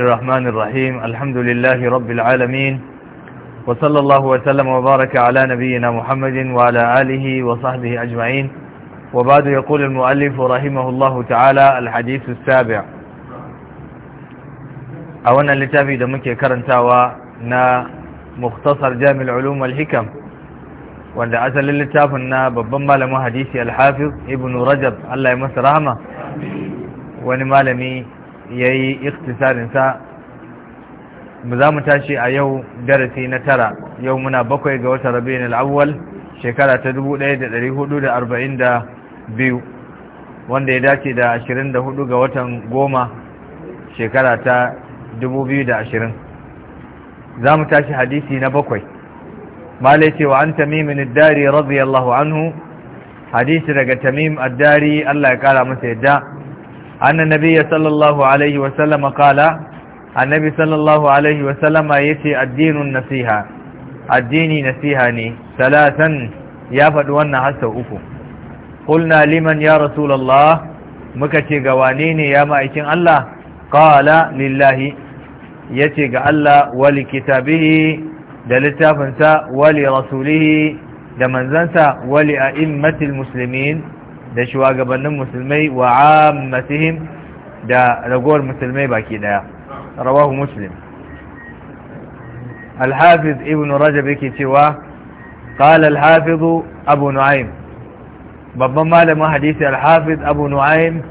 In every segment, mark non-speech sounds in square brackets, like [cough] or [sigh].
الرحمن الرحيم الحمد لله رب العالمين وصلى الله وسلم وبارك على نبينا محمد وعلى آله وصحبه أجمعين وبعد يقول المؤلف رحمه الله تعالى الحديث السابع أولا لتافي دمك كرنتاوى نا مختصر جامع العلوم والحكم وأن أسأل للتافنا ببما لما حديثي الحافظ ابن رجب الله يمس رحمه ونمالمي ya yi iktisarinsa za mu tashi a yau darasi na tara yau muna bakwai ga wata rabin al'awwal shekara ta biyu wanda ya dace da ashirin da hudu ga watan goma shekara ta ashirin. za mu tashi hadisi na bakwai ce wa an tamimin dari radiyallahu anhu hadisi daga tamim addari Allah ya kara masa yadda أن النبي صلى الله عليه وسلم قال النبي صلى الله عليه وسلم يتي الدين النسيحة الدين نسيحاني ثلاثا يافد وانا حسو أكو قلنا لمن يا رسول الله مكتي قوانيني يا مائكين الله قال لله يتي الله ولكتابه دلتافنسا ولرسوله دمنزنسا ولأئمة المسلمين da shugabannin musulmai wa ammatihim da ragowar musulmai baki daya rawahu muslim al-hafiz ibn rajab yake cewa qala al-hafiz abu nu'aym babban malamin hadisi al-hafiz abu nu'aym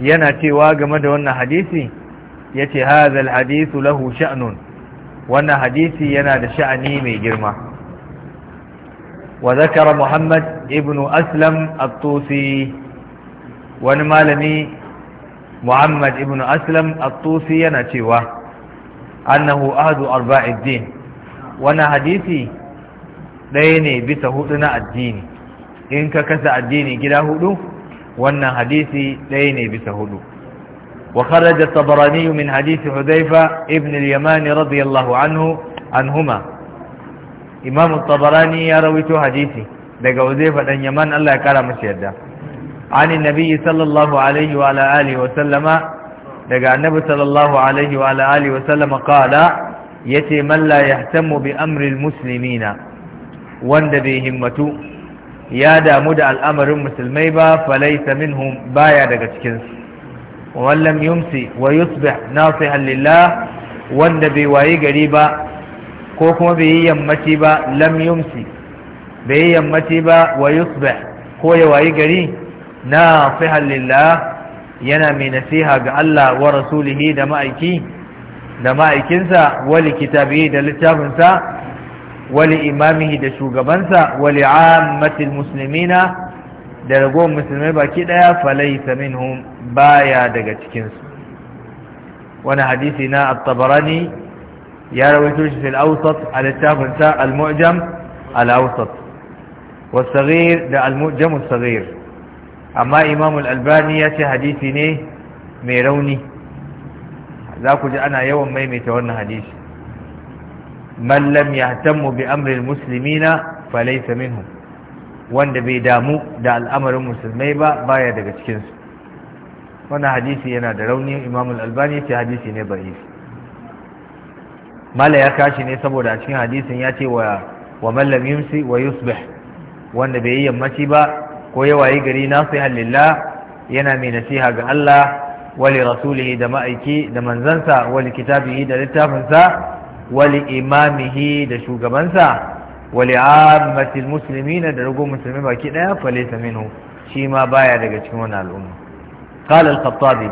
yana cewa game da wannan hadisi yace hadha al-hadith lahu sha'nun wannan hadisi yana da sha'ani mai girma وذكر محمد ابن أسلم الطوسي ونمالني محمد ابن أسلم الطوسي نتوى أنه أهد أرباع الدين وانا حديثي ديني بسهودنا الدين إنك كسع الدين جلاهود وانا حديثي ديني بسهود وخرج الطبراني من حديث حذيفة ابن اليمان رضي الله عنه عنهما imam tabarani ya rawaito hadisi daga uzaifa dan yaman Allah ya kara masa yadda ani nabi sallallahu alaihi wa alihi wa sallama daga annabi sallallahu alaihi wa alihi wa sallama qala yace man la yahtamu bi amri almuslimina wanda bai himmatu ya damu da al'amarin musulmai ba falaysa minhum baya daga cikin su wallam yumsi wa yusbih nasihan lillah wanda bai wayi gari ba ko kuma bai yi yammaci ba lam yumsi bai yi yammaci ba wa yusbih ko ya wayi gari na lillah yana mai nasiha ga Allah wa rasulihi da ma'aiki da ma'aikinsa wali kitabihi da littafinsa wali imamihi da shugabansa wali ammatil muslimina da ragowar musulmai baki daya falaisa minhum baya daga cikinsu wani hadisi na at-tabarani ya rawaito shi fil awsat a littafin sa al-mu'jam al-awsat والصغير ده المؤجم الصغير أما إمام الألباني يأتي حديثي نيه mai rauni za ku ji ana yawan maimaita wannan hadisi man lam yahtammu bi amril muslimina falaysa wanda bai damu da al'amarin musulmai ba baya daga cikinsu. su wannan hadisi yana da rauni imam al-albani ce hadisi ne da'if mala ya kashi ne saboda a cikin hadisin ya ce wa wa mallam yumsi wa yusbih wanda bai yi yammaci ba ko ya wayi gari nasihan lillah yana mai nasiha ga Allah wali rasulihi da ma'aiki da manzansa wali kitabihi da littafinsa wali imamihi da shugabansa wali ammatil muslimina da rugo musulmi baki daya falaysa minhu shi ma baya daga cikin wani al'umma qala al-khattabi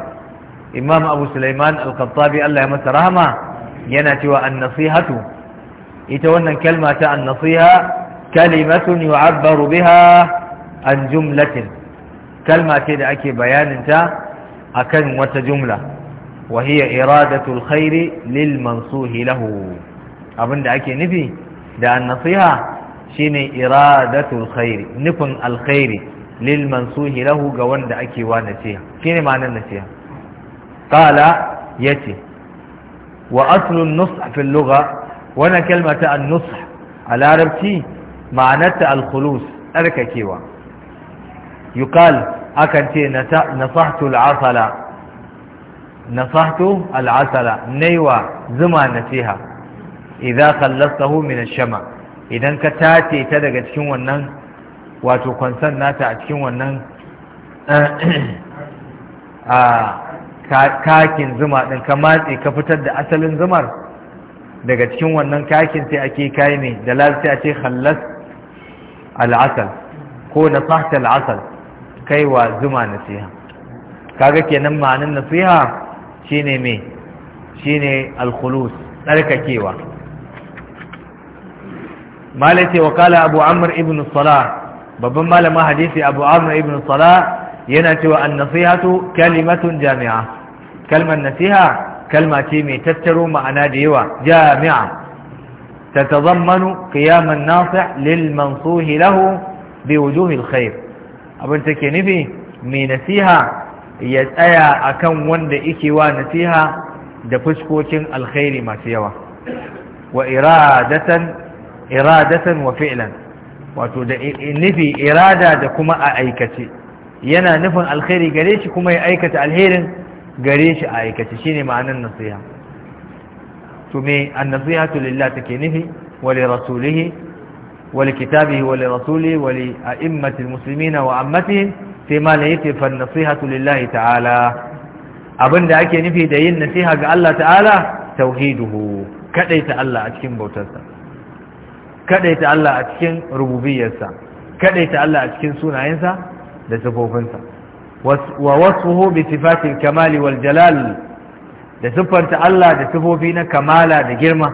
imam abu sulaiman al-khattabi Allah ya masa rahama yana cewa an-nasihatu ita wannan kalma ta an-nasiha kalimatun yu'abbaru biha an jumlatin kalma ce da ake bayanin ta akan wata jumla wa hiya iradatul khairi lil mansuhi lahu abinda ake nufi da an-nasiha shine iradatul khairi nufin alkhairi lil mansuhi lahu ga wanda ake wa nasiha shine ma'anar nasiha qala yace wa aslun nush fi lugha wannan kalma ta nus nush a larabci ma'anarta al-khulus tsarkakewa yuqal akan ce nasahtu al-asala nasahtu al-asala naiwa zuma nasiha idza khallastahu min ash-shama idan ka tace ta daga cikin wannan wato konsan nata a cikin wannan [clears throat] kakin zuma ɗin ka matse ka fitar da asalin zumar daga cikin wannan kakin sai ake kai ne da lalata a ce hallas al'asal ko na sahta al'asal kai wa zuma nasiha kaga kenan ma'anin nasiha shine me shine al-khulus tsarkakewa malai wa kala abu amr ibn salah babban malamin hadisi abu amr ibn salah yana cewa an-nasihatu kalimatun jami'a kalmar nasiha kalma ce mai tattaro ma'ana da yawa jami'a تتضمن قيام mansuhi lahu bi wujuhil khair abin take nufi mai nasiha ya tsaya akan wanda yake wa nasiha da fuskokin alkhairi masu yawa wa iradatan iradatan wa fi'lan wato da nufi irada da kuma a aikace yana nufin alkhairi gare shi kuma ya aikata alherin gare shi a aikace shine ma'anar nasiha to me an-nasihatu lillah take nufi wa li rasulihi wa li kitabihi wa li rasulihi wa li a'immatil wa ammatihim sai ma la yake fa nasihatu lillah ta'ala abinda ake nufi da yin nasiha ga Allah ta'ala tauhiduhu kadaita Allah a cikin bautarsa kadaita Allah a cikin rububiyarsa kadaita Allah a cikin sunayensa da sifofinsa wa wasfuhu bi sifatil kamali wal jalal da siffanta Allah da sifofi na kamala da girma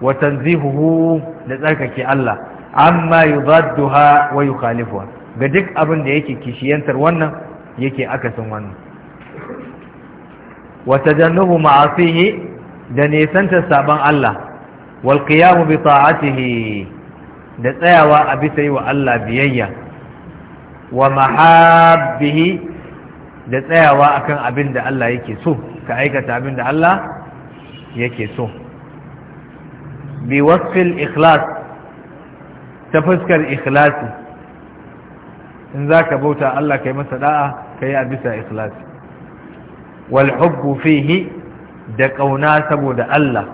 wa tanzihuhu da tsarkake Allah amma yudadduha wa yukhalifuha ga duk abin da yake kishiyantar wannan yake akasin wannan wa tajannubu ma'asihi da nesanta saban Allah wal qiyamu bi ta'atihi da tsayawa a bisa yi wa Allah biyayya wa mahabbihi da tsayawa akan abin da Allah yake so ka aikata abin da Allah yake so bi wasfil ikhlas ta fuskar ikhlasi in za ka bauta Allah ka yi masa da'a ka yi a bisa ikhlasi wal hubbu fihi da ƙauna saboda Allah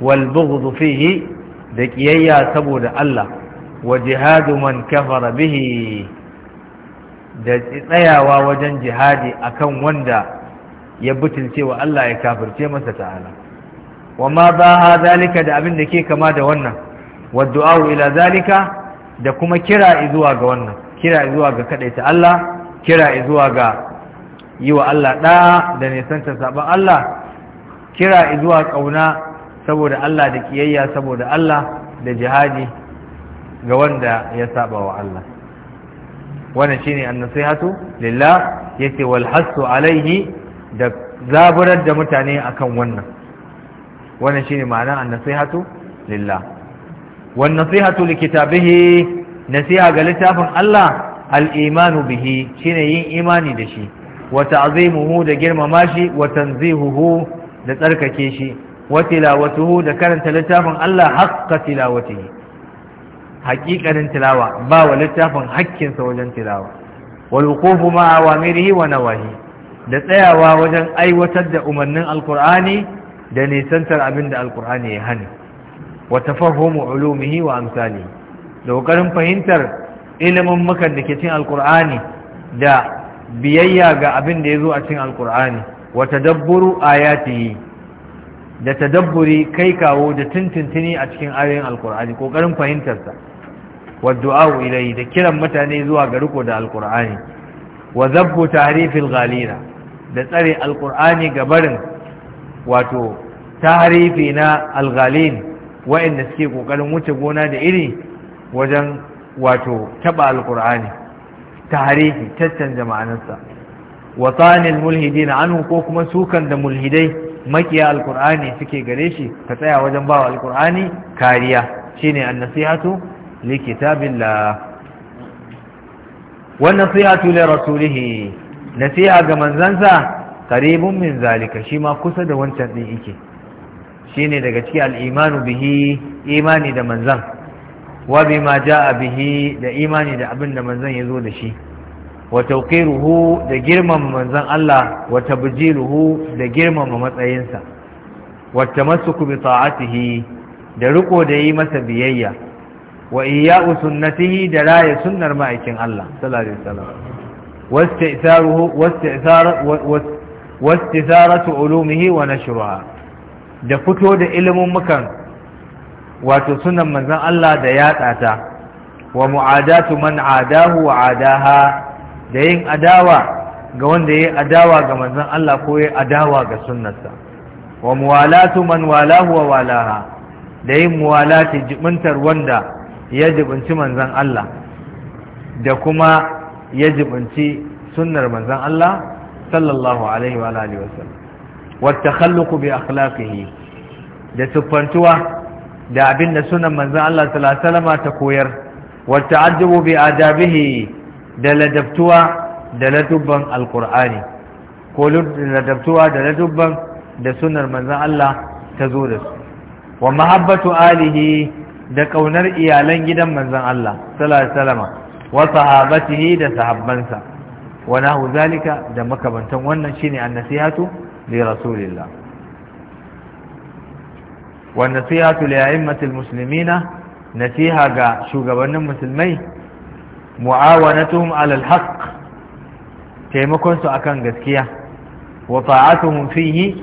wal fihi da ƙiyayya saboda Allah wa jihadu man kafara bihi da tsayawa wajen jihadi akan wanda ya butulce wa Allah ya kafirce masa ta'ala wa ma ba zalika da abin da ke kama da wannan wadda ila zalika da kuma kira zuwa ga wannan kira zuwa ga kadaita Allah kira zuwa ga yi wa Allah ɗaya da nisanta saba Allah kira zuwa ƙauna saboda Allah da kiyayya saboda Allah da jihadi ga wanda ya saba wa Allah wannan shine an lillah yace wal hasu alaihi da zaburar da mutane akan wannan wannan shine ma'ana an lillah wan nasihatu likitabihi nasiha ga littafin Allah al-imanu bihi shine yin imani da shi wa ta'zimuhu da girmama shi wa tanzihuhu da tsarkake shi wa tilawatuhu da karanta littafin Allah haqqa tilawatihi haƙiƙanin tilawa ba wa littafin hakkinsa wajen tilawa walwukufu ma wamirihi wa nawahi da tsayawa wajen aiwatar da umarnin alkur'ani da nisantar abin da alkur'ani ya hani wa tafahumu ulumihi wa amsali da fahimtar ilimin makar da ke cin alkur'ani da biyayya ga abin da ya zo a cin alkur'ani wa tadabburu ayatihi da tadabburi kai kawo da tuntuntuni a cikin ayoyin alkur'ani kokarin fahimtarsa wa du'a da kiran mutane zuwa ga riko da alkur'ani wa zabbu ta'rifil da tsare alqur'ani ga barin wato tarifi na alghalin wayanda suke kokarin wuce gona da iri wajen wato taba alqur'ani tarifi tattanza ma'anarsa wa mulhidi na anhu ko kuma sukan da mulhidai makiya alkur'ani suke gare shi ka tsaya wajen bawa alkur'ani kariya shine annasihatu li kitabillah wa nasihatu li rasulih nasiha ga manzansa qaribun min zalika shi ma kusa da wancan din yake shine daga cikin al-imanu bihi imani da manzan wa bima jaa bihi da imani da abin da manzan yazo da shi wa tawqiruhu da girmama manzan Allah wa tabjiluhu da girmama matsayinsa wa tamassuku bi ta'atihi da riko da yi masa biyayya wa iya'u sunnatihi da raya sunnar ma'aikin Allah sallallahu alaihi wasallam wasti'saruhu ulumihi wa nashruha da fito da ilimin mukan wato sunan manzon Allah da yatsa wa mu'adatu man adahu wa adaha da yin adawa ga wanda yayi adawa ga manzon Allah ko yayi adawa ga sunnarsa wa muwalatu man walahu wa walaha da yin muwalati jimantar wanda ya jibinci manzan Allah da kuma ya jibinci sunnar manzan Allah sallallahu alaihi wa alihi wasallam wata khalluku bi akhlaqihi da siffantuwa da abinda sunan manzan Allah sallallahu ta koyar wata ajabu bi adabihi da ladabtuwa da ladubban alqur'ani ko ladabtuwa da ladubban da sunar manzan Allah ta zo da su wa mahabbatu alihi da kaunar iyalan gidan manzan Allah sallallahu alaihi wasallama wa da sahabbansa wa nahu zalika da makabantan wannan shine annasihatu li rasulillah wa nasihatu li a'immatil muslimina nasiha ga shugabannin musulmai mu'awanatuhum alal alhaq taimakon su akan gaskiya wa ta'atuhum fihi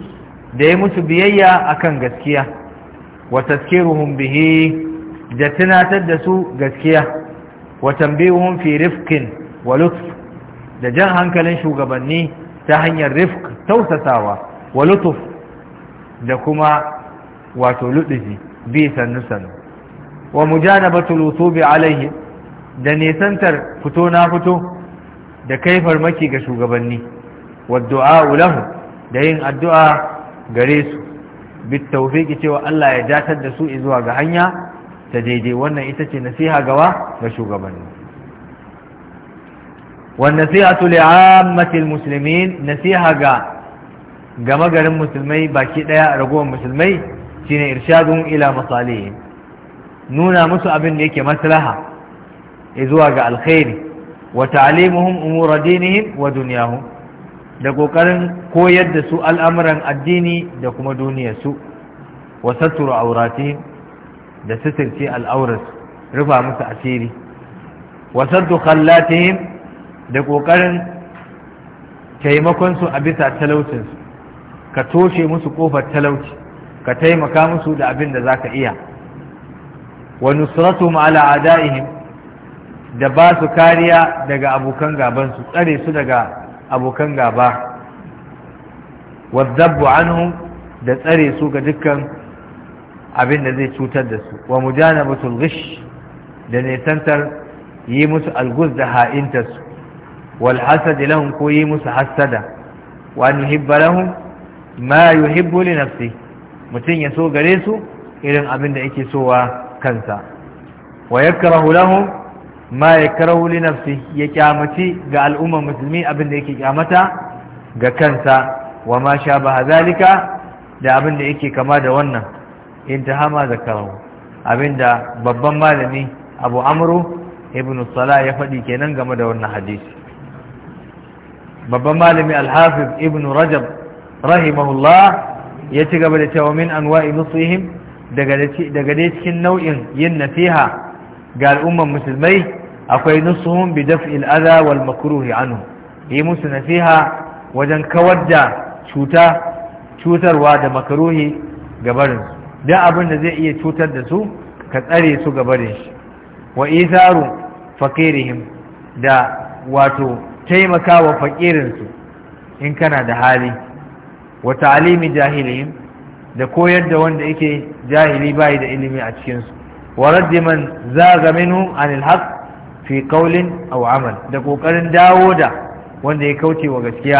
da yi musu biyayya akan gaskiya wa tazkiruhum bihi da tunatar da su gaskiya wa tambihun fi rifkin wa lutf da jan hankalin shugabanni ta hanyar rifk tausasawa wa da kuma wato ludufi bi sannu sannu wa mujanabatul usubi alaihi da nisantar fito na fito da kai farmaki ga shugabanni wa du'a lahu da yin addu'a gare su bit tawfiqi cewa Allah ya datar da su zuwa ga hanya ta daidai wannan ita ce nasiha gawa ga shugabanni wannan nasihatu li'ammatil muslimin nasiha ga gama garin musulmai baki daya ragowar musulmai shine irshadun ila masalihi nuna musu abin da yake maslaha zuwa ga alkhairi wa ta'limuhum umur dinihim wa dunyahum da kokarin koyar da su al'amuran addini da kuma duniyarsu wa sattura auratihim da sitirce al'aurarsu rufa musu asiri wasaddu khallatihim da kokarin taimakon su a bisa talaucinsu, ka toshe musu kofar talauci ka taimaka musu da abin da ka iya wa ma'ala a adaihim da ba su kariya daga abokan gaban su tsare su daga abokan gaba wa dabbu da tsare su ga dukkan abin da zai cutar da su wa mujanabatul ghish da nisantar yi musu algus da ha'intar su wal hasad lahum ko yi musu hasada wa an yuhibba lahum ma yuhibbu li nafsi mutum ya so gare su irin abin da yake sowa kansa wa yakrahu lahum ma yakrahu li nafsi ya kyamaci ga al'ummar musulmi abin da yake kyamata ga kansa wa ma shabaha zalika da abin da yake kama da wannan intihama zakarahu abinda babban malami abu amru ibnu salah ya faɗi kenan game da wannan hadisi babban malami al-hafiz rajab rahimahullah ya ci gaba da cewa min anwa'i nusihim daga dai cikin nau'in yin nasiha ga al'umman musulmai akwai nusuhun bi daf'il adha wal makruhi anhu yi musu nasiha wajen kawar da cuta cutarwa da ga gabarin da abin da zai iya cutar da su ka tsare su gaba da shi wa isaru fakirihim da wato taimakawa fakirinsu in kana da hali wa ta'alimi jahilihim da koyar da wanda yake jahili bai da ilimi a cikinsu wa raddi man zaga minhu anil haqq fi qawlin aw amal da kokarin dawo da wanda ya kauce wa gaskiya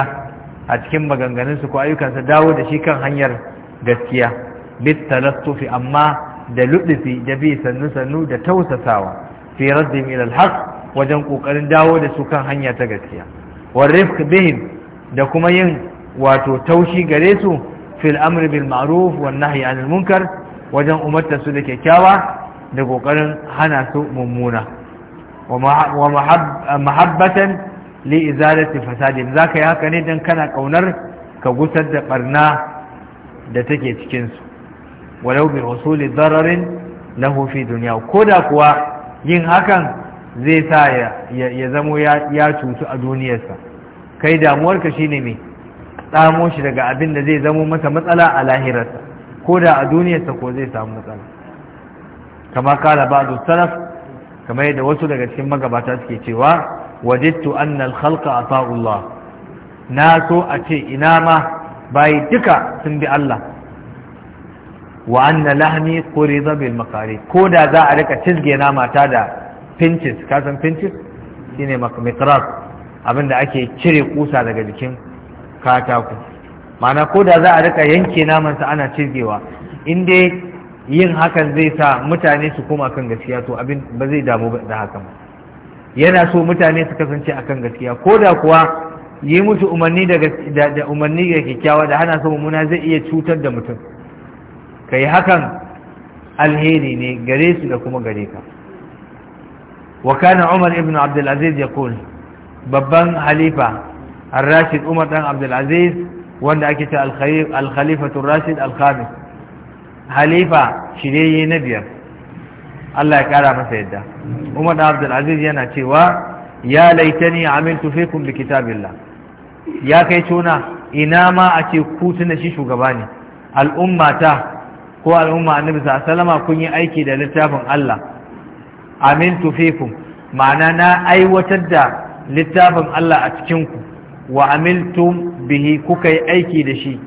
a cikin maganganunsu ko ayyukansa dawo da shi kan hanyar gaskiya bitalaffufi amma da ludufi da bi sannu sannu da tausasawa fi raddihim ila alhaq wajen ƙoƙarin dawo da su kan hanya ta gaskiya wa rifq bihim da kuma yin wato taushi gare su fil amri bil ma'ruf wan nahyi anil munkar wajen umarta su da kyakkyawa da ƙoƙarin hana su mummuna wa mahabbatan li izalati fasadin zaka yi haka ne dan kana kaunar ka gusar da barna da take cikin su walau bi wasuli dararin lahu fi duniya ko da kuwa yin hakan zai sa ya zamo ya cutu a duniyarsa kai damuwar damuwarka shine mai tsamo shi daga abin da zai zamo masa matsala a lahirarsa ko da a duniyarsa ko zai samu matsala kama kala ba'du salaf kamar yadda wasu daga cikin magabata suke cewa wajittu annal khalqa ata'u Allah na so a ce ina ma bai duka sun bi Allah wa anna lahmi qurida bil makari ko da za a rika cizge na mata da pinches ka san pinches shine makmiqras abinda ake cire kusa daga jikin katako mana ko da za a rika yanke naman sa ana cizgewa in dai yin hakan zai sa mutane su koma kan gaskiya to abin ba zai damu da hakan yana so mutane su kasance akan gaskiya ko da kuwa yi musu umarni da umarni da kyakkyawa da hana so mummuna zai iya cutar da mutum ka yi hakan alheri ne gare su da kuma gare ka wa kana umar ibn abdulaziz ya kul babban halifa al-rashid umar dan abdulaziz wanda ake ce al-khalifatu rashid al-khamis halifa shirye na biyar Allah ya kara masa yadda umar dan abdulaziz yana cewa ya laitani amiltu fikum bi kitabillah ya kai tuna ina ma a ce ku tuna shi shugaba ne al'ummata ko al'umma annabi sallama kun yi aiki da littafin Allah amintu fikum ma'ana na aiwatar da littafin Allah a cikin ku wa amiltum bihi kuka yi aiki da shi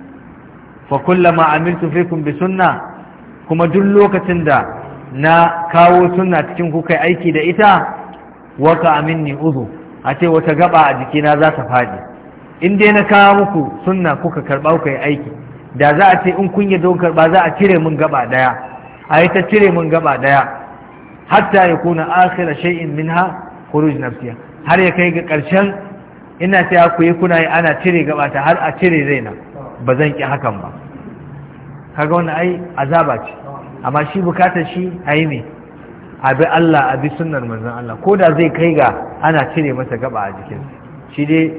fa kullama amiltu fikum bi sunna kuma duk lokacin da na kawo sunna cikin kuka yi aiki da ita ka aminni uzu a ce wata gaba a jikina za ta faɗi in dai na kawo muku sunna kuka karɓa kuka yi aiki da za a ce in kun yi don karɓa za a cire mun gaba ɗaya a yi ta cire mun gaba ɗaya hatta ya kuna akhira shay'in minha khuruj nafsiya har ya kai ga ƙarshen ina ta ku yi kuna yi ana cire gaba ta har a cire raina ba zan ki hakan ba kaga wannan ai azaba ce amma shi bukatar shi ayi ne bi Allah a bi sunnar manzon Allah ko da zai kai ga ana cire masa gaba a jikin shi dai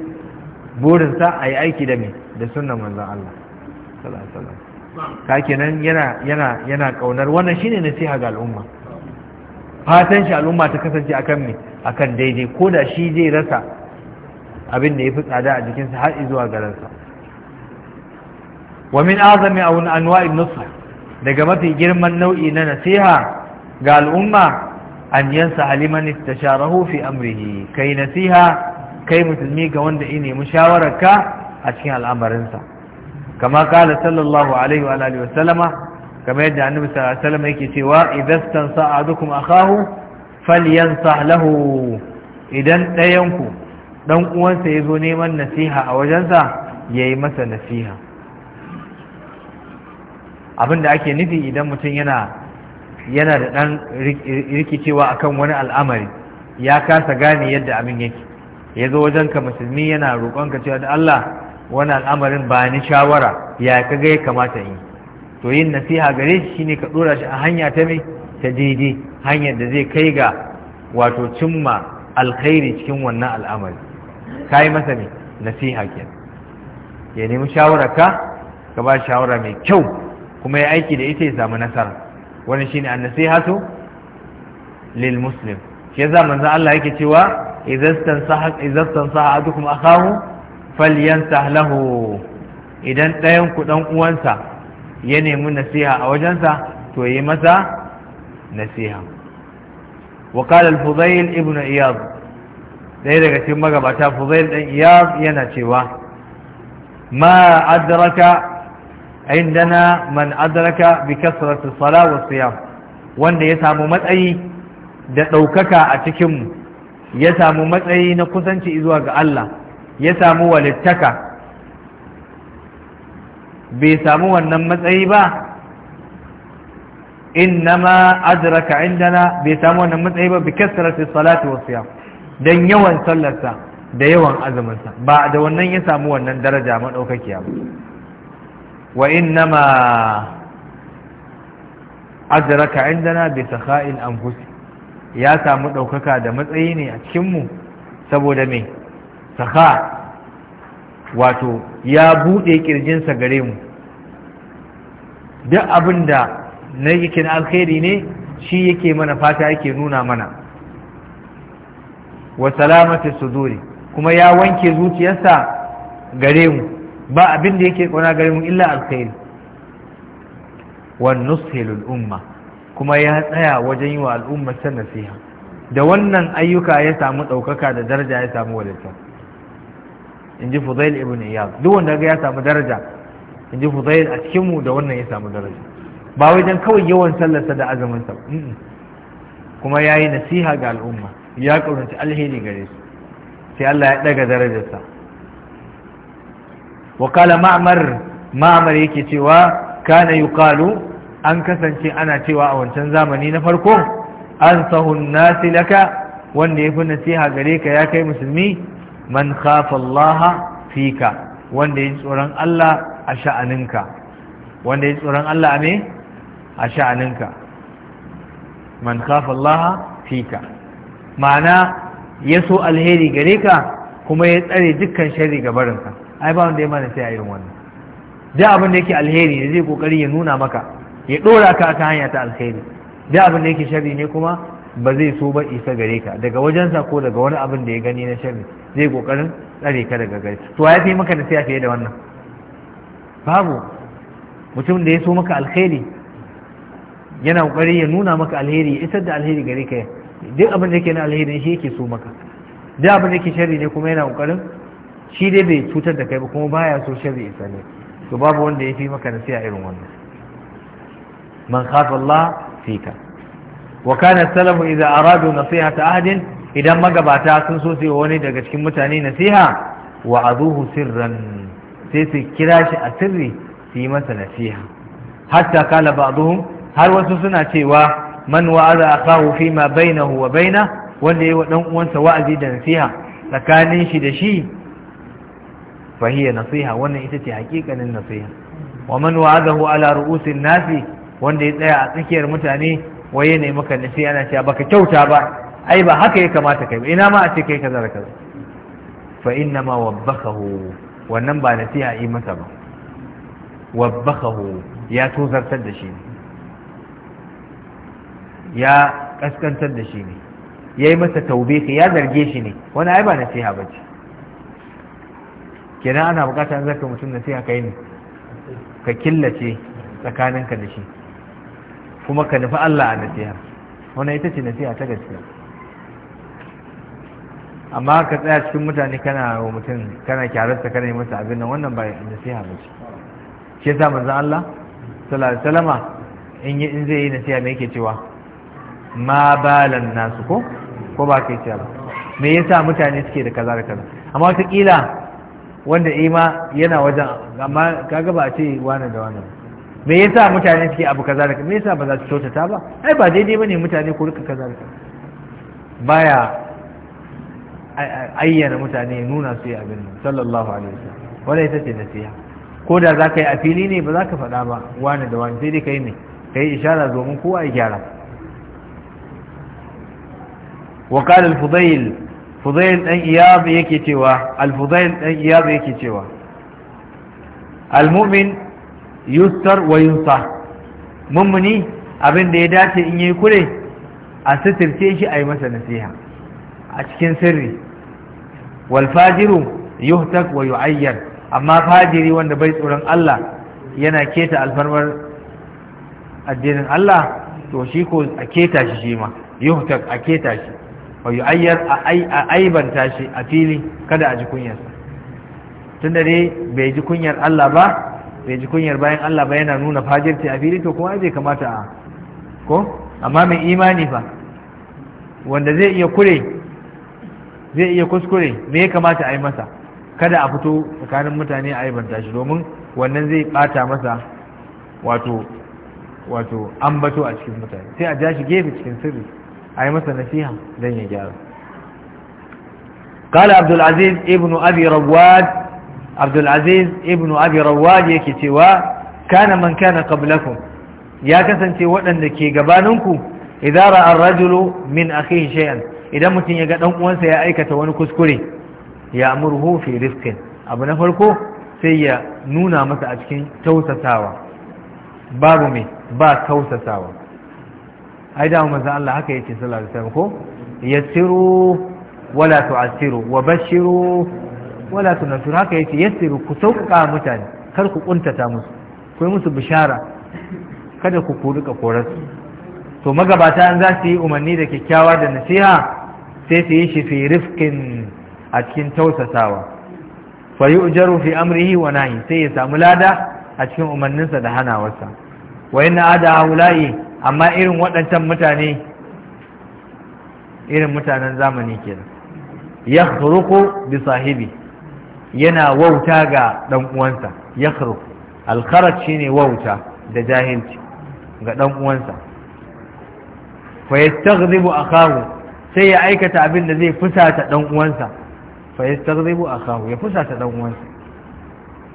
burinsa a yi aiki da me da sunnar manzon Allah sallallahu ka kenan yana yana kaunar wannan shine nasiha ga al'umma fatan shi al'umma ta kasance akan me akan daidai ko da shi zai rasa abin da yafi tsada a jikinsa har zuwa garansa wa min azami aw anwa'in daga mafi girman nau'i na nasiha ga al'umma an yansa haliman istasharahu fi amrihi kai nasiha kai musulmi ga wanda ya nemi shawararka a cikin al'amarinsa kama kala sallallahu alaihi wa alihi sallama kama yadda annabi sallallahu alaihi sallama yake cewa idan tansa adukum akahu falyansah lahu idan dayanku dan uwansa yazo neman nasiha a wajensa yayi masa nasiha abinda ake nufi idan mutum yana yana da dan rikicewa akan wani al'amari ya kasa gane yadda abin yake ya zo wajenka musulmi yana roƙonka cewa da Allah wani al'amarin ba ni shawara ya ka ga ya kamata yi to yin nasiha gare shi shine ka dora shi a hanya ta mai ta daidai hanyar da zai kai ga wato cimma alkhairi cikin wannan al'amari ka yi masa mai nasiha ke ya nemi shawara ka ka ba shawara mai kyau kuma ya aiki da ita ya samu nasara Wani shine an-nasihatu lil muslim shi yasa zama Allah yake cewa idan tansaha idan tansaha adukum falyansa lahu idan ɗayan kuɗin uwansa ya nemi nasiha a wajensa to yi masa nasiha wa qala al ibn iyad ɗaya daga cikin magabata fudayl ɗan iyad yana cewa ma adraka indana man adraka bi kasrati salat wa siyam wanda ya samu matsayi da ɗaukaka a cikin ya samu matsayi na kusanci zuwa ga Allah ya samu walittaka bai samu wannan matsayi ba ma adraka indana bai samu wannan matsayi ba bi kasrati salati wa siyam dan yawan sallarsa da yawan azuminsa ba da wannan ya samu wannan daraja madaukakiya ba wa ma adraka indana bi sakha'il anfus ya samu daukaka da matsayi ne a cikin mu saboda me saka wato ya buɗe ƙirjinsa gare mu duk abin da na yi alkhairi ne shi yake mana fata yake nuna mana wa salamata suduri kuma ya wanke zuciyarsa gare mu ba abin da yake ƙona gare mu illa alkhairi wa nushilul umma kuma ya tsaya wajen yi wa al'ummar nasiha da wannan ayyuka ya samu ɗaukaka da daraja ya samu wadatar in ji ibn iyad duk wanda ga ya samu daraja in ji a cikin mu da wannan ya samu daraja ba wai dan kawai yawan sallarsa da azumin sa kuma yayi nasiha ga al'umma ya kaunci alheri gare su sai Allah ya daga darajarsa wa qala ma'mar ma'mar yake cewa kana yuqalu an kasance ana cewa a wancan zamani na farko an sahun nasi laka wanda ya fi nasiha gare ka ya kai musulmi man khafa Allah fika wanda ya tsoron Allah a sha'aninka wanda ya tsoron Allah ne a sha'aninka man khafa Allah fika ma'ana ya so alheri gare ka kuma ya tsare dukkan shari ga barinka ai ba wanda ya mana sai a irin wannan da abin da yake alheri ne zai kokari ya nuna maka ya dora ka ta hanya ta alheri da abin da yake shari ne kuma ba zai so ba isa gare ka daga wajensa ko daga wani abin da ya gani na sharri zai kokarin tsare ka daga gare to ya fi maka nasiha fiye da wannan babu mutum da ya so maka alheri yana kokari ya nuna maka alheri ya isar da alheri gare ka duk abin da yake na alheri shi yake so maka duk abin da yake sharri ne kuma yana kokarin shi dai bai cutar da kai ba kuma baya so sharri isa ne to babu wanda ya fi maka nasiha irin wannan man khafa Allah fika wa kana salafu idza aradu nasihata ahadin idan magabata sun so su wani daga cikin mutane nasiha wa azuhu sirran sai su kira shi a sirri su yi masa nasiha hatta kala ba'dhum har wasu suna cewa man wa'aza akahu fi ma bainahu wa baina wanda yayi wa dan uwansa wa'azi da nasiha tsakanin shi da shi fahiya nasiha wannan ita ce hakikanin nasiha wa man wa'azahu ala ru'usin nasi wanda ya tsaya a tsakiyar mutane waye ne maka nasi ana cewa baka kyauta ba ai ba haka ya kamata kai ina ma a ce kai kaza da kaza fa inna ma wabbakahu wannan ba nasiha yi masa ba wabbakahu ya tozartar da shi ne ya kaskantar da shi ne ya yi masa ka ya zarge shi ne wani ai ba nasiha ba ce kenan ana bukatar zaka mutum nasiha kai ne ka killace tsakaninka da shi kuma ka nufi Allah a nasiha wannan ita ce nasiha ta gaskiya amma ka tsaya cikin mutane kana wa mutum kana kyararsa kana yi masa abin nan wannan ba nasiha ba ce shi sa manzon Allah sallallahu alaihi wasallama in in zai yi nasiha me yake cewa ma balan nasu ko ko ba kai cewa me yasa mutane suke da kaza da kaza amma wata kila wanda ima yana wajen amma kaga ba a ce wani da wani ba me yasa mutane suke abu kaza da me yasa ba za su kyautata ba ai ba daidai bane mutane ku rika kaza da baya ayyana mutane nuna su ya gani sallallahu alaihi wasallam wala ita ce nasiha ko da za ka yi a fili ne ba za ka faɗa ba wani da wani sai dai ka yi ne ka yi ishara domin kowa ya gyara wa qala al-fudayl fudayl dan iyab yake cewa al-fudayl dan iyab yake cewa al-mu'min yustar wa yunsa mummuni abin da ya dace in yi kure a sitirce shi a yi masa nasiha a cikin sirri wal fajiru yuhtak wa yu'ayyar amma fajiri wanda bai tsoron Allah yana keta alfarmar addinin Allah to shi ko a keta shi shi ma yuhtak a keta shi wa yu'ayyar a aibanta shi a fili kada a ji kunyarsa tunda dai bai ji kunyar Allah ba bai ji kunyar bayan Allah ba yana nuna fajirci a fili to kuma bai kamata a ko amma mai imani fa wanda zai iya kure zai iya kuskure me ya kamata a yi masa kada a fito tsakanin mutane a aibanta shi domin wannan zai bata masa wato wato ambato a cikin mutane sai a ja shi gefe cikin sirri a yi masa nasiha don ya gyara قال عبد العزيز ابن أبي رواد abdulaziz ibn abi rawad yake cewa kana man kana qablakum ya kasance waɗanda ke gabaninku idan ra'a rajulu min akhihi shay'an idan mutum ya ga dan uwansa ya aikata wani kuskure ya amurhu fi abu na farko sai ya nuna masa a cikin tausasawa babu me ba tausasawa ai da manzo Allah haka yake sallallahu alaihi wasallam ko yasiru wala tu'siru wa bashiru wala tunantun haka yake yassiru ku sauka mutane kar ku ƙuntata musu ku yi musu bishara kada ku kuruka korarsu to magabata an za su yi umarni da kyakkyawa da nasiha sai su yi shi fi rifkin a cikin tausasawa fa yi ujaru fi amrihi wa nahi sai ya samu lada a cikin umarninsa da hanawarsa wa yana ada haula'i amma irin waɗancan mutane irin mutanen zamani kenan ya bi sahibi yana wauta ga dan uwansa ya alkharaj shine wauta da jahilci ga dan uwansa fa yastaghdibu akahu sai ya aikata abin da zai fusata dan uwansa fa yastaghdibu akahu ya fusata dan uwansa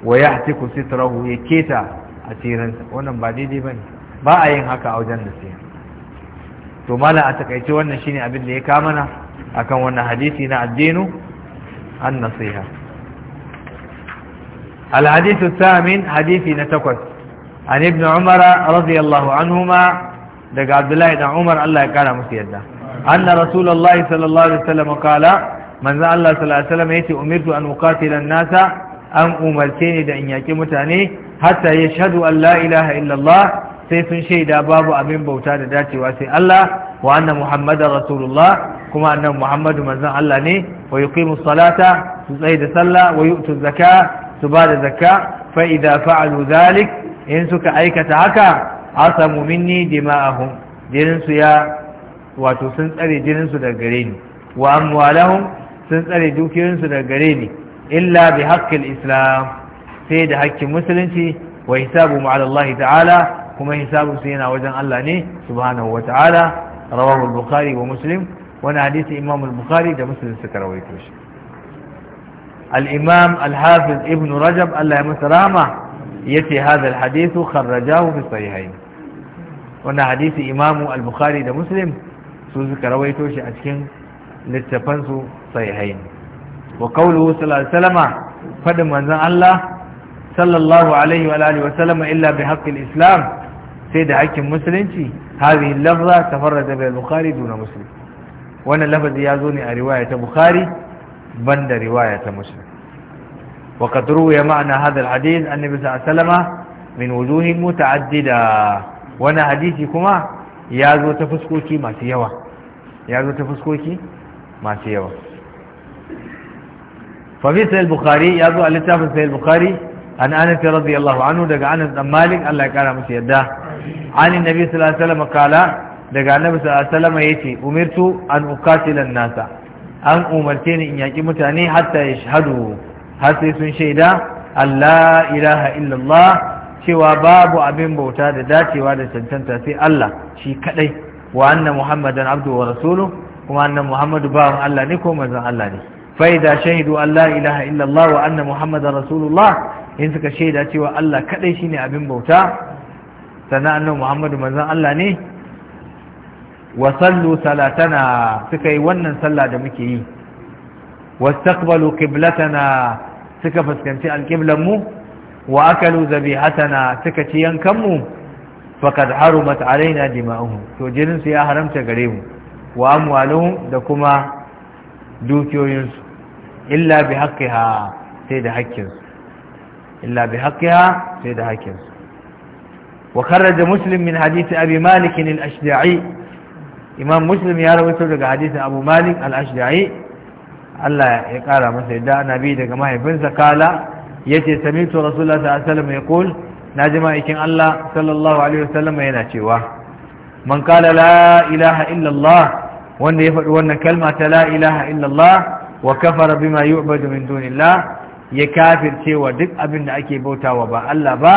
wa yahtiku sitrahu ya keta asiransa wannan ba daidai bane ba a yin haka a wajen nasiha to mala a takaice wannan shine abin da ya kamana akan wannan hadisi na addinu an nasiha الحديث الثامن حديث نتكوت عن ابن عمر رضي الله عنهما دق عبد الله بن عمر الله كان مسيدا أن رسول الله صلى الله عليه وسلم قال من ذا الله صلى الله عليه وسلم يتي أمرت أن أقاتل الناس أم أمرتني دعن يكمتني حتى يشهدوا أن لا إله إلا الله سيف شيدا باب أمين بوتان داتي واسي الله وأن محمد رسول الله كما أن محمد من ذا الله ني ويقيم الصلاة تزيد صلى ويؤتي الزكاة su ba da zakka fa'ida fa'alu zalik in suka aikata haka asamu minni dima'ahum jinin ya wato sun tsare jinin su daga gare ni wa amwalahum sun tsare dukiyoyin daga gare ni illa bi haqqil islam sai da haƙƙin musulunci wa hisabu ala ta'ala kuma hisabun su yana wajen Allah ne subhanahu wa ta'ala rawahu al-bukhari wa muslim wani hadisi imam al-bukhari da muslim suka rawaito shi الإمام الحافظ ابن رجب الله مسرامة يتي هذا الحديث خرجاه في الصحيحين وأن حديث إمام البخاري ده مسلم سوزك رويتوش أتكين للتفنس صحيحين وقوله صلى الله عليه وسلم فدم أنزان الله صلى الله عليه وآله وسلم إلا بحق الإسلام سيد حكم مسلم هذه اللفظة تفرد بها البخاري دون مسلم وأن اللفظ يازوني رواية بخاري بند رواية مسلم وقد روي معنى هذا الحديث أن النبي صلى الله عليه وسلم من وجوه متعددة وانا حديثكما يازو تفسكوكي ما سيوا يازو تفسكوكي ما سيوا ففي سيد البخاري يازو الاتفاق سيد البخاري عن أنس رضي الله عنه دقى أنس أم مالك الله كان مسيدا عن النبي صلى الله عليه وسلم قال دقى النبي صلى الله عليه وسلم يتي أمرت أن أقاتل الناس an umarce ni in yaƙi mutane hatta ya shahadu har sai sun shaida Allah ilaha illallah cewa babu abin bauta da dacewa da cancanta sai Allah shi kadai wa anna muhammadan abdu wa rasuluhu kuma anna muhammadu bawan Allah ne ko manzon Allah ne fa idza shahidu Allah, ilaha illallah wa anna muhammadan rasulullah in suka shaida cewa Allah kadai shine abin bauta sannan annabi muhammadu manzon Allah ne wa sallu salatana suka yi wannan sallah da muke yi wastaqbalu qiblatana suka fuskanci alqiblan mu wa akalu zabihatana suka ci yankan mu faqad harumat alaina dima'uhum to jinin su ya haramta gare mu wa amwaluhum da kuma dukiyoyin su illa bi haqqiha sai da haƙƙin su illa bi haqqiha sai da haƙƙin su wa kharraja muslim min hadith abi malik imam muslim ya rawaito daga hadisin abu malik al-ashja'i Allah ya kara masa yadda annabi daga mahaifinsa kala yace samitu rasulullah sallallahu alaihi wasallam yaqul naji ma'aikin Allah sallallahu alaihi wasallam yana cewa man kala la ilaha illa Allah wanda ya faɗi wannan kalma ta la ilaha illa Allah wa kafara bima yu'badu min dunillah ya kafirce wa duk abin da ake bautawa ba Allah ba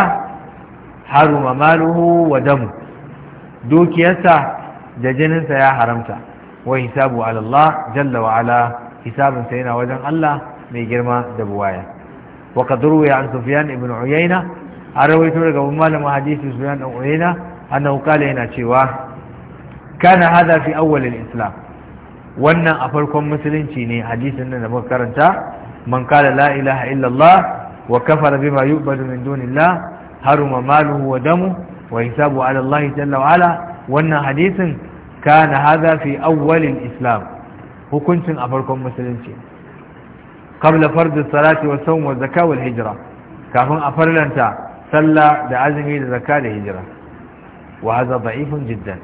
haruma maluhu wa damu dukiyarsa da jininsa ya haramta wa hisabu ala jalla wa ala hisabinsa yana wajen Allah mai girma da buwaya wa qad ya an Sufyan ibn Uyayna a rawaito daga malamin hadisi Sufyan ibn Uyayna annahu qala yana cewa kana hada fi awwal al-islam wannan a farkon musulunci ne hadisin nan da muka karanta man la ilaha illa Allah wa kafara bima yu'badu min dunillah haruma maluhu wa damu wa hisabu ala Allah jalla wa ala wannan hadisin kana hadha fi awwalil islam hukuncin a farkon musulunci qabla fardu salati wa sawm wa zakka wal hijra kafin a farlanta sallah da azumi da zakka da hijira wa hadha da'ifun jiddan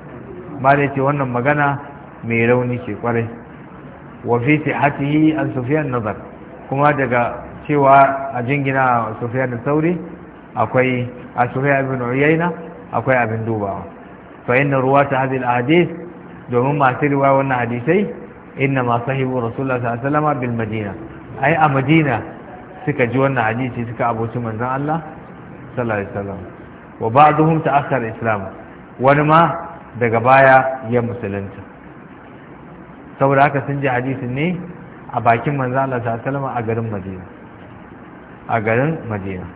Mare ce wannan magana mai rauni ce kwarai wa fi sihatihi an sufyan nazar kuma daga cewa a jingina sufyan da sauri akwai a sufyan ibn uyayna akwai abin dubawa fa inna ruwata hadhihi al-ahadith domin masu riwa wannan hadisai inna ma sahibu rasulullah sallallahu alaihi wasallam bil madina ai a madina suka ji wannan hadisi suka aboci a Allah sallallahu alaihi wasallam wa ta'akhkhara islam wani ma daga baya ya musulunta saboda haka sun ji hadisin ne a bakin manzon Allah sallallahu alaihi wasallam a garin madina a garin madina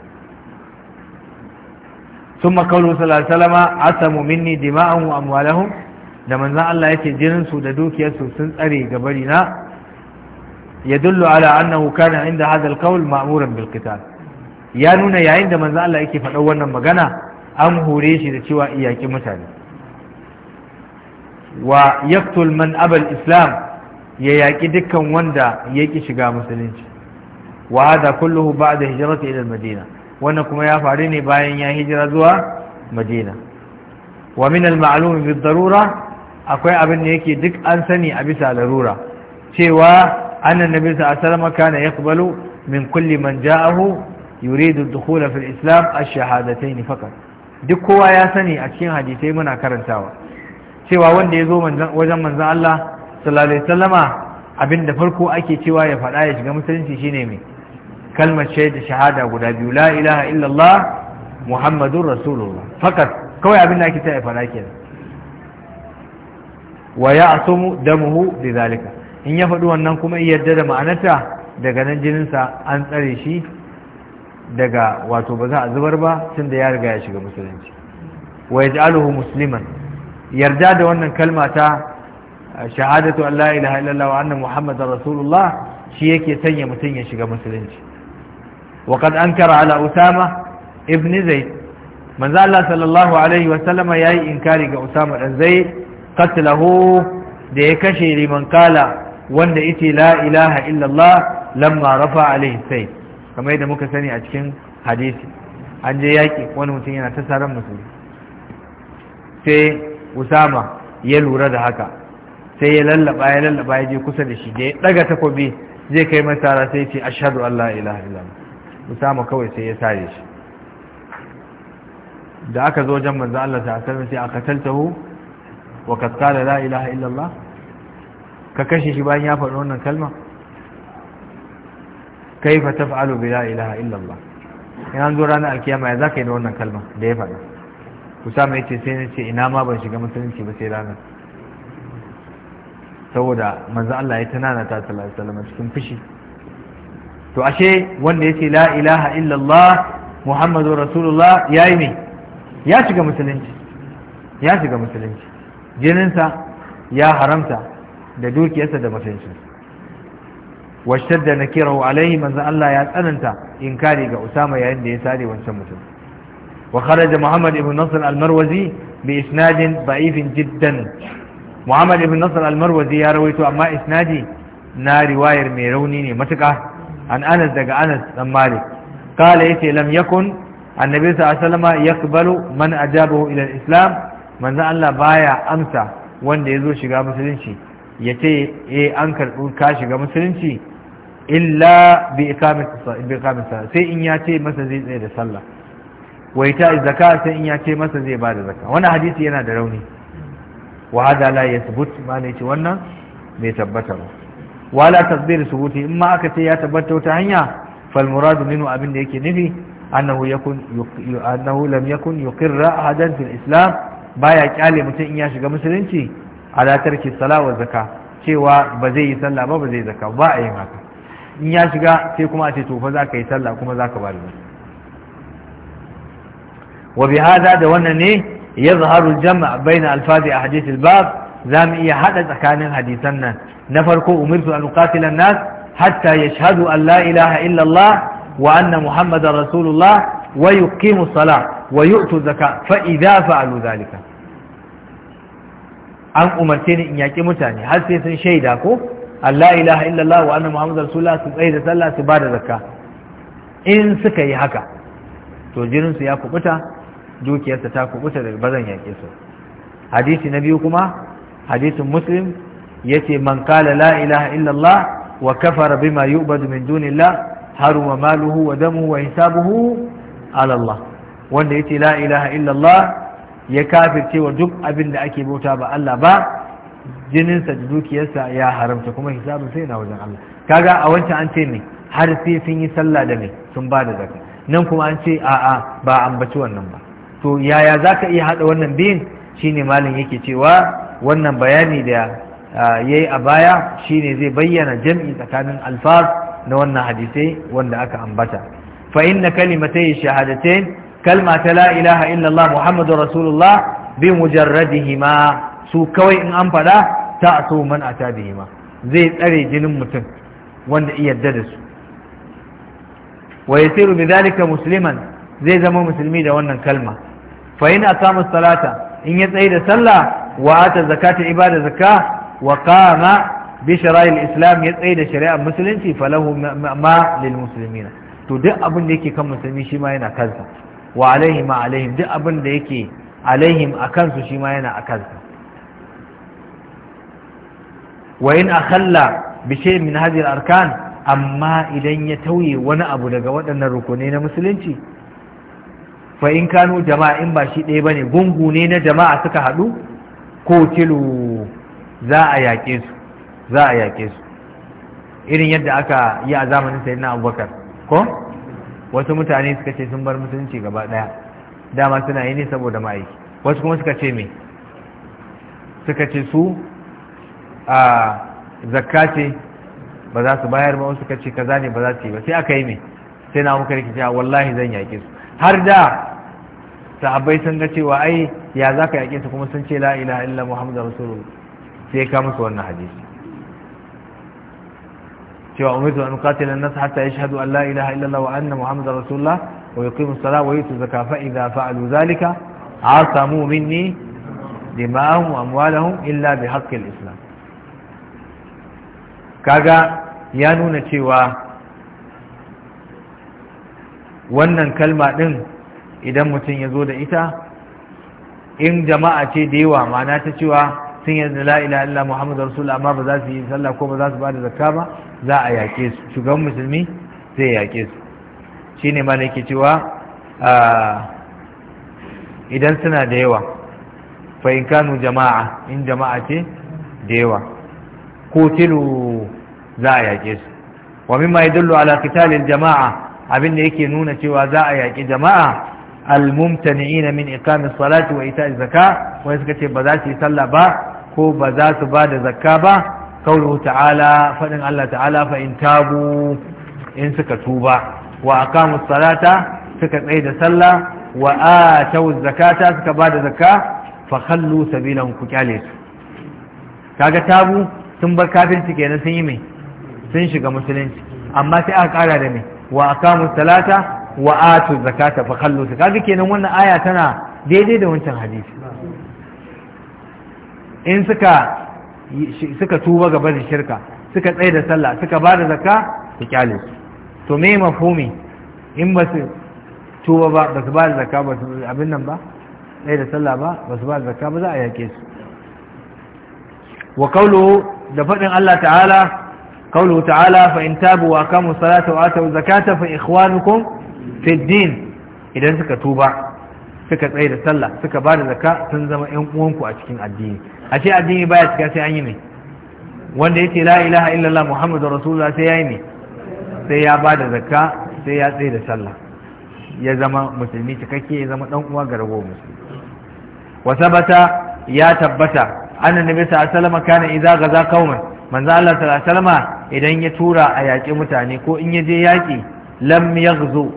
ثم قوله صلى الله عليه وسلم عصموا مني دماءهم واموالهم da manzan Allah yake jininsu da dukiyarsu sun tsare ga na. ya dullu ala annahu kana inda hadha alqawl ma'muran bil qital ya nuna yayin da manzan Allah yake faɗa wannan magana an hore shi da cewa iyaki mutane wa yaktul man abal islam ya yaki dukkan wanda yaki shiga musulunci wa hadha kulluhu ba'da hijrati ila madina wannan kuma ya faru ne bayan ya hijira zuwa madina wa min al-ma'lum akwai abin da yake duk an sani a bisa larura cewa annan nabi sa sallama kana yaqbalu min kulli man ja'ahu yuridu ad-dukhul fi al-islam ash-shahadatayn faqat duk kowa ya sani a cikin hadisai muna karantawa cewa wanda ya zo wajen manzon Allah sallallahu alaihi wasallama abin da farko ake cewa ya faɗa ya shiga musulunci shine mai kalmar shaida shahada guda biyu la ilaha illallah muhammadun rasulullah fakat kawai abin da ake ta ya faɗa kenan wa ya ya'tumu damuhu zalika in ya faɗi wannan kuma yadda da ma'anarta daga nan jininsa an tsare shi daga wato ba za a zubar ba tun da ya riga ya shiga musulunci wa yaj'aluhu musliman yarda da wannan kalma ta shahadatu Allah la ilaha illallah wa anna muhammad rasulullah shi yake sanya mutum ya shiga musulunci wa qad ankara ala usama ibn zaid manzo Allah sallallahu alaihi wa sallama yayi inkari ga usama dan zaid qatlahu da ya kashe liman kala wanda yace la ilaha illallah lamma rafa alaihi sai kamar yadda muka sani a cikin hadisi an je yaki wani mutum yana ta saran musulmi sai usama ya lura da haka sai ya lallaba ya lallaba ya je kusa da shi da ya ɗaga takobi zai kai masara sai ce ashhadu an ilaha illallah usama kawai sai ya sare shi da aka zo wajen manzo Allah ta sallallahu sai aka taltahu wa kaskala la ilaha illallah ka kashe shi bayan ya faɗi wannan kalma kaifa taf'alu bi la ilaha illallah in an zo ranar alkiyama ya zaka yi da wannan kalma da ya faɗa kusama yace sai na ce ina ma ban shiga musulunci ba sai ranar saboda manzo Allah ya tanana ta sallallahu alaihi cikin fushi to ashe wanda yace la ilaha illallah muhammadu rasulullah ne ya shiga musulunci ya shiga musulunci jininsa ya haramta da dukiyarsa da mutuncinsa da na kirahu alaihi manzan Allah ya tsananta inkari ga Usama yayin da ya sare wancan mutum wa kharaja Muhammad ibn Nasr al-Marwazi bi isnadin da'ifin jiddan Muhammad ibn Nasr al-Marwazi ya rawaito amma isnadi na riwayar mai rauni ne matuƙa an Anas daga Anas dan Malik kala yace lam yakun annabi sallallahu alaihi wasallam yaqbalu man ajabahu ila al-islam manzo Allah baya amsa wanda ya zo shiga musulunci ya ce eh an karɓi ka shiga musulunci illa bi iqamati sai in ya ce masa zai tsaye da sallah wai ta zakka sai in ya ce masa zai ba da zakka wannan hadisi yana da rauni wa hada la yathbut ma ne ce wannan bai tabbata ba wala tasbir subuti in ma aka ce ya tabbata ta hanya fal muradu minhu abin da yake nufi annahu yakun annahu lam yakun yuqirra ahadan fil islam baya kyale mutum in ya shiga musulunci ala tarki sala zaka cewa ba zai yi sallah ba ba zai zaka ba a yin haka in ya shiga sai kuma a ce to fa zaka yi sallah kuma zaka ba da wa bi hada da wannan ne yazharu jama' baina alfazi ahadith albab zamu iya hada tsakanin hadisan nan na farko umirtu an uqatila nas hatta yashhadu an la ilaha illa allah wa anna muhammadar rasulullah wa yuqimu salah wa yu'tu zaka fa idza an umarce ni in yaki mutane har sai sun shaida ko Allah ilaha illallah wa anna muhammadar rasulullah su tsaye da sallah su bada zakka in suka yi haka to jinin su ya kubuta dukiyarsa ta kubuta daga bazan yake su hadisi na biyu kuma hadisin muslim yace man qala la ilaha illallah wa kafara bima yu'badu min dunillah haruma maluhu wa damuhu wa hisabuhu ala Allah wanda ya ce la ilaha illallah ya kafirce wa duk abin da ake bauta ba Allah ba jininsa da dukiyarsa ya haramta kuma hisabin sai na wajen Allah kaga a wancan an ce ne har sai sun yi sallah da mai sun ba da nan kuma an ce a'a ba ambaci wannan ba to yaya zaka iya hada wannan biyun shine malin yake cewa wannan bayani da yayi a baya shine zai bayyana jam'i tsakanin alfaz na wannan hadisai wanda aka ambata fa inna kalimatai shahadatain kalma ta la ilaha illallah muhammadu rasulullah bi mujarradihima su kawai in an faɗa ta so man a bihima zai tsare jinin mutum wanda iya yarda da su wa yasiru bi zalika musliman zai zama musulmi da wannan kalma fa in aqama salata in ya tsaye da sallah wa ata zakata ibada zakka wa qama bi shara'il islam ya tsaye da shari'ar musulunci falahu ma lil muslimina to duk abin da yake kan musulmi shi ma yana kansa wa alaihim alaihim duk abin da yake alaihim a kansu shi ma yana a kansu wa in akhalla bi shay min hadhihi arkan amma idan ya tauye wani abu daga waɗannan rukunai na musulunci fa in kanu jama'a in ba shi ɗaya bane gungu ne na jama'a suka haɗu ko tilu za a yaƙe su za a yaƙe su irin yadda aka yi a zamanin sayyidina abubakar ko wasu mutane suka ce sun bar musulunci gaba daya dama suna yi ne saboda ma'aiki wasu kuma suka ce me suka ce su a zakka ce ba za su bayar ba wasu suka ce kaza ne ba za su yi ba sai aka yi me sai na muka rikici a wallahi zan yaƙe su har da sahabbai sun ga cewa ai ya za ka yaƙe su kuma sun ce la ilaha illa muhammadu rasulullah sai ka musu wannan hadisi cewa umirtu an qatila an-nas hatta yashhadu an la ilaha illallah wa anna muhammadar rasulullah wa yuqimu as-salata wa yutu zakata fa idza fa'alu dhalika asamu minni dima'ahum wa amwalahum illa bi haqqil islam kaga ya nuna cewa wannan kalma ɗin idan mutum ya zo da ita in jama'a ce da yawa ma'ana ta cewa sun yarda yanzu la'ila Allah Muhammadu Rasulullah amma ba za su yi sallah ko ba za su ba da zakka ba za a yaƙe su shugaban musulmi zai yaƙe su shi ne mana yake cewa idan suna da yawa fa'in kanu jama'a in jama'a ce da yawa ko tilo za a yaƙe su wa mimma ya dullu ala jama'a abin da yake nuna cewa za a yaƙi jama'a na min iqamis salati wa ita zaka wani suka ce ba za su yi sallah ba ko ba za su ba da zakka ba kawo ta'ala faɗin Allah ta'ala fa’in tabu in suka tuba wa a salata suka tsaye da sallah wa a zakata suka ba da zaka fa kallu sabilan ku kyale su kaga tabu sun bar kafinci kenan sun yi mai sun shiga musulunci amma sai aka kara da mai wa a kamus salata wa a zakata fa kallu su kaga kenan wannan aya tana daidai da wancan hadisi in suka suka tuba ga barin shirka suka tsaye da sallah suka ba da zaka su kyale to me mafumi in ba su tuba ba ba su ba da zaka ba su abin nan ba tsaye da sallah ba ba su ba da zaka ba za a yake su wa kaulu da fadin Allah ta'ala ta'ala tabu wa kamu salatu wa الصلاة zakata fa ikhwanukum fi din idan suka tuba. suka tsaye da sallah suka ba da zakka sun zama yan uwanku a cikin addini a ce addini baya cika sai an yi ne wanda yace la ilaha illallah muhammadur rasulullah sai yayi ne sai ya ba da zakka sai ya tsaye da sallah ya zama musulmi cikakke ya zama dan uwa ga ragowar musulmi wa sabata ya tabbata annabi sallallahu alaihi wasallam kana idza gaza qauman manzo Allah sallallahu alaihi wasallam idan ya tura a yaki mutane ko in ya je yaƙi lam yaghzu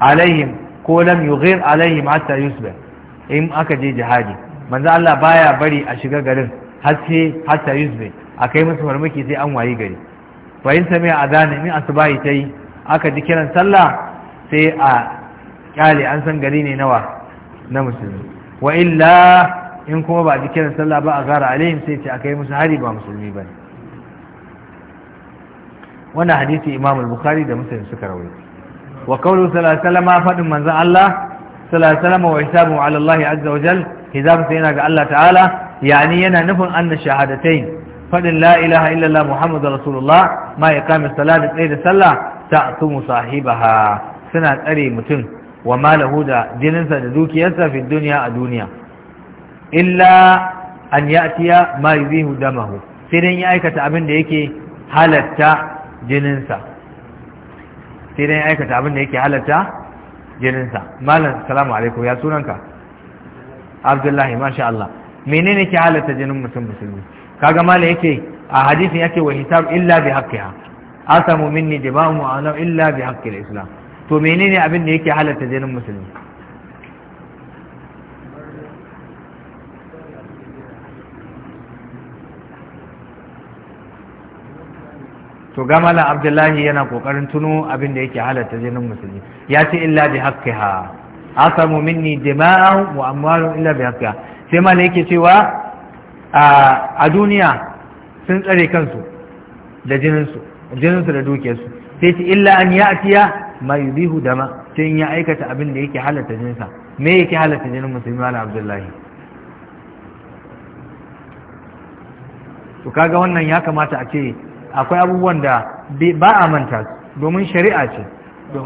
alaihim ko lam yughir alaihim hatta yusba in aka je jihadi manzo Allah baya bari a shiga garin har sai hatta yusba akai musu farmaki sai an wayi gari fa in sami adana min asbahi tai aka ji kiran sallah sai a kyale an san gari ne nawa na musulmi wa illa in kuma ba a ji kiran sallah ba a gara alaihim sai ce akai musu hari ba musulmi bane wannan hadisi imam al-bukhari da muslim suka rawaito wa qawlu sallallahu alaihi fadin manzon Allah sallallahu alaihi wasallam wa hisabu ala Allah azza wa yana ga Allah ta'ala yani yana nufin anna shahadatain Faɗin la'ilaha ilaha illa Allah muhammadur rasulullah ma iqamis da tsaye da sallah ta'tumu sahibaha suna tsare mutum wa malahu da jininsa da dukiyarsa fi duniya a duniya illa an ya'tiya ma yuzihu damahu sai dan ya aikata abin da yake halarta jininsa sai dai aikata abin da yake halatta jininsa malam salamu alaikum ya sunanka abdullahi masha Allah menene ke halatta jinin mutum musulmi kaga malam yake a hadisin yake wa hisab illa bi haqqiha asamu minni dima'u wa illa bi haqqil islam to menene abin da yake halatta jinin musulmi to ga malam abdullahi yana kokarin tuno abin da yake halatta jinin musulmi ya ce illa bi haqqiha asamu minni dima'u wa amwalu illa bi haqqiha sai malam yake cewa a duniya sun tsare kansu da jininsu jininsu da su sai ce illa an ya'tiya ma yubihu dama sai in ya aikata abin da yake halatta jinsa me yake halatta jinin musulmi malam abdullahi to kaga wannan ya kamata a ce akwai abubuwan da ba a manta domin shari'a ce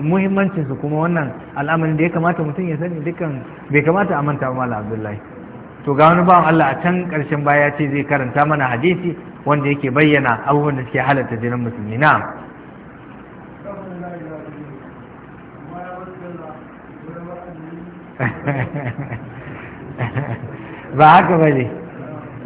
muhimmancin su kuma wannan al'amarin da ya kamata mutum ya sani dukkan bai kamata a manta ba abdullahi to ga wani bawan Allah a can karshen baya ce zai karanta mana hadisi wanda yake bayyana abubuwan da suke halatta jinin musulmi na? [laughs] ba haka ba ne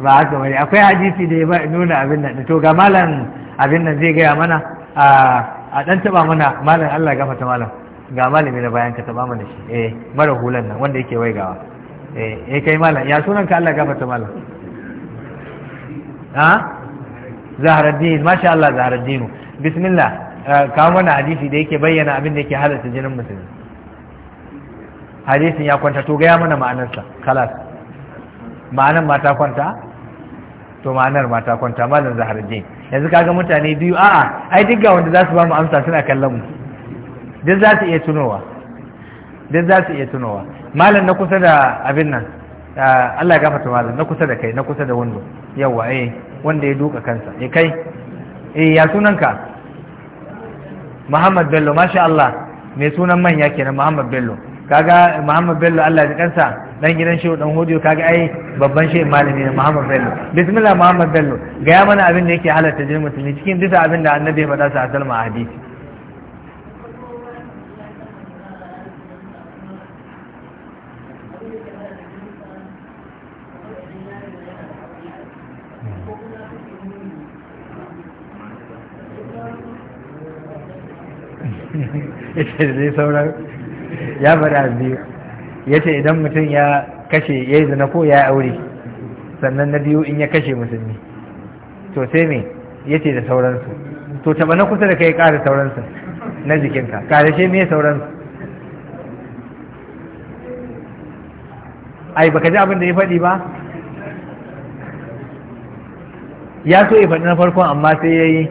ba haka ba ne akwai hadisi da ya nuna abin nan to ga malam abin nan zai gaya mana a dan taba mana malam Allah gafa ta malam ga malami na bayan ka taba mana shi eh mara hulan nan wanda yake waigawa gawa eh, eh kai malam ya sunan ka Allah gafa ta malam ha zaharuddin masha Allah zaharuddin bismillah eh, ka mana hadisi da yake bayyana abin da yake halatta jinin musulmi hadisin ya kwanta to gaya mana ma'anarsa kalas ma'anar mata kwanta to ma'anar mata kwanta malam zaharuddin yanzu kaga mutane biyu a'a ai duk ga wanda za su ba mu amsa suna kallon mu duk za su iya tunowa duk za su iya tunowa malam na kusa da abin nan Allah ya gafarta malam na kusa da kai na kusa da wando yawa eh wanda ya duka kansa eh kai eh ya ka Muhammad Bello masha Allah mai sunan manya kenan Muhammad Bello kaga Muhammad Bello Allah ya kansa dan gidan shehu dan hodiyo kaga ai babban shehu malami ne Muhammad Bello bismillah Muhammad Bello ga ya mana abin da yake halatta jin musulmi cikin duka abin da annabi ya faɗa sa a salma a hadisi [laughs] ita da zai sauran ya a biyu ya ce idan mutum ya kashe ya yi zina ko ya aure sannan na biyu in ya kashe musulmi to sai me ya ce da sauransu to taɓa na kusa da kai ƙara sauransu na jikinka ƙarashe me sauransu ai baka ji abin da ya faɗi ba ya so ya faɗi na farkon amma sai ya yi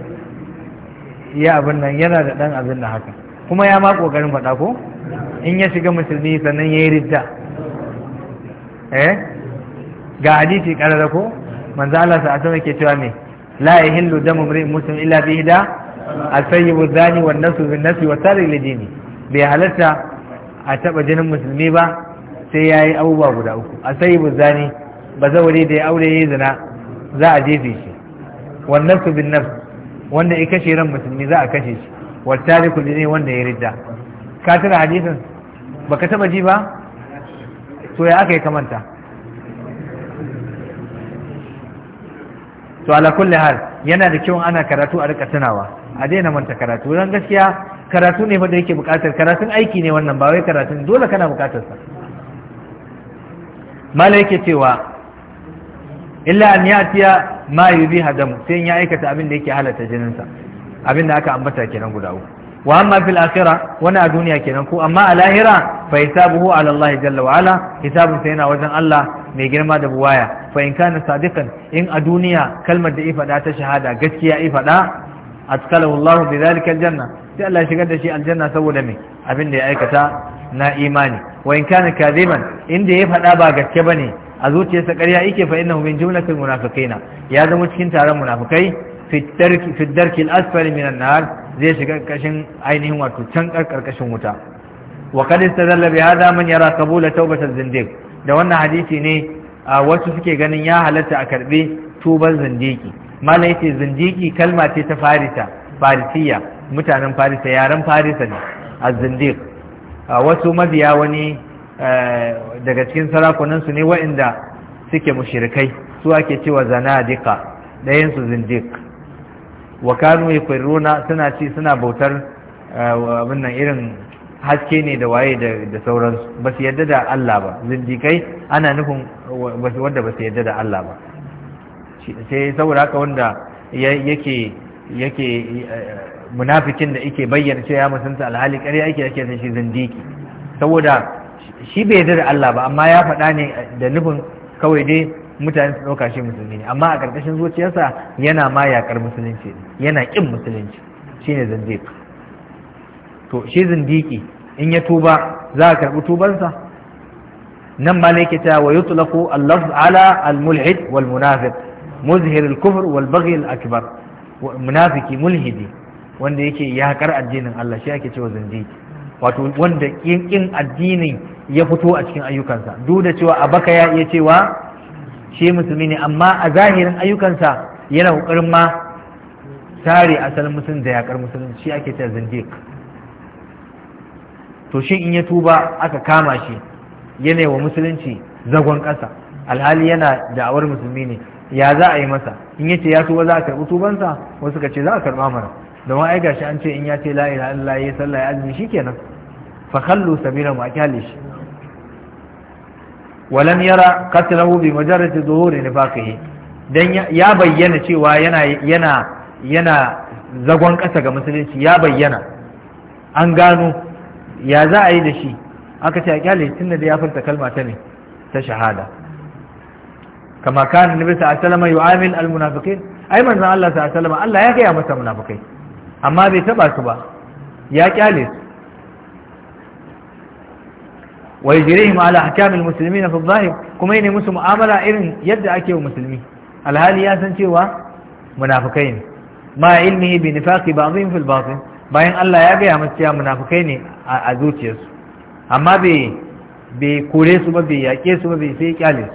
ya abin nan yana da ɗan abin da haka kuma ya ma ƙoƙarin faɗa ko in ya shiga musulmi sannan ya yi ridda eh ga hadisi karara ko manzo Allah sa asama ke cewa me la yahillu damu mri muslim illa bi hida al-sayyibu zani wa nasu bin nasu wa tari lidini bai halatta a taba jinin musulmi ba sai yayi abubuwa guda uku al-sayyibu zani bazawari da ya aure yayi zina za a jefe shi wa nasu bin nasu wanda ya kashe ran musulmi za a kashe shi wa tari lidini wanda ya ridda ka tuna hadisin ka taba ji ba to ya aka yi kamanta to ala kulli hal yana da kyau ana karatu a rika tunawa a daina manta karatu don gaskiya karatu ne da yake bukatar karatun aiki ne wannan ba wai karatun dole kana bukatar sa mala yake cewa illa an yatiya ma yubi hadam sai ya aikata abin da yake halatta jininsa abin da aka ambata kenan guda uku wa amma fil akhirah wani a duniya kenan ko amma a lahira fa hisabuhu ala Allah jalla wa ala hisabun sa yana wajen Allah mai girma da buwaya fa in kana sadiqan in a duniya kalmar da ifada ta shahada gaskiya ifada atkalahu Allah bi zalika aljanna sai Allah shigar da shi aljanna saboda me abin da ya aikata na imani wa in kana kadiban inda ya faɗa ba gaske bane a zuciyarsa ƙarya yake fa innahu min jumlatil munafiqina ya zama cikin taron munafikai fi darki fi darki al-asfal min an-nar zai shiga karkashin ainihin wato can karkashin wuta wa ta istadalla bi man yara kabula taubata zindiq da wannan hadisi ne wasu suke ganin ya halatta a karbe tubar zindiki mala yace zindiki kalma ce ta farisa farisiya mutanen farisa yaren farisa ne az-zindiq wasu mabiya wani e, daga cikin sarakunan su ne wa'inda suke mushirikai, su ake cewa zanadiqa dayan su zindiq wa kanu yakfuruna suna ci suna bautar eh, abin nan irin haske ne da waye da sauransu ba su yadda da Allah ba zindikai ana nufin wanda ba su yadda da Allah ba sai saboda haka wanda yake yake eh, munafikin da yake bayyana cewa ya musanta alhali kare yake yake san shi zindiki saboda shi bai yarda da Allah ba amma ya faɗa ne da nufin kawai dai mutane su ɗauka shi musulmi ne amma a ƙarƙashin zuciyarsa yana ma yaƙar musulunci yana ƙin musulunci shine zindiq to shi zindiki in ya tuba za a karɓi tubansa nan ma ne ke ta wa yutlaqu al-lafz ala al-mulhid wal munafiq muzhir al-kufr wal al-akbar munafiki mulhidi wanda yake yaƙar addinin Allah shi ake cewa zindiki wato wanda ƙin addinin ya fito a cikin ayyukansa duk da cewa a baka ya iya cewa shi musulmi ne amma a zahirin ayyukansa yana kokarin ma tare asalin musulmi da yakar musulmi shi ake ta zindiq to shi in ya tuba aka kama shi yana wa musulunci zagon ƙasa alhali yana da'awar musulmi ne ya za a yi masa in yace ya tuba za a karɓi tubansa wasu ka ce za a karɓa mara domin ai gashi an ce in ya ce la ilaha illallah ya sallah ya azumi shikenan fa khallu sabila mu shi. walam yara qatlahu bi majarrati zuhuri nifaqihi dan ya bayyana cewa yana yana yana zagon ƙasa ga musulunci ya bayyana an gano ya za a yi da shi aka ce a kyale tunda da ya furta kalma ta ne ta shahada kama kan nabi sa sallama yu'amil al munafiqin ai manzon Allah sa sallama Allah ya ya masa munafikai amma bai taba su ba ya kyale su wa yajrihim ala ahkamil muslimina fi zahir kuma yana musu mu'amala irin yadda ake wa musulmi alhali ya san cewa munafikai ne ma ilmihi bi nifaqi ba'dihim fil batin bayan Allah ya gaya masu cewa munafikai ne a zuciyarsu amma bai bai kore su ba bai yaƙe su ba bai sai kyale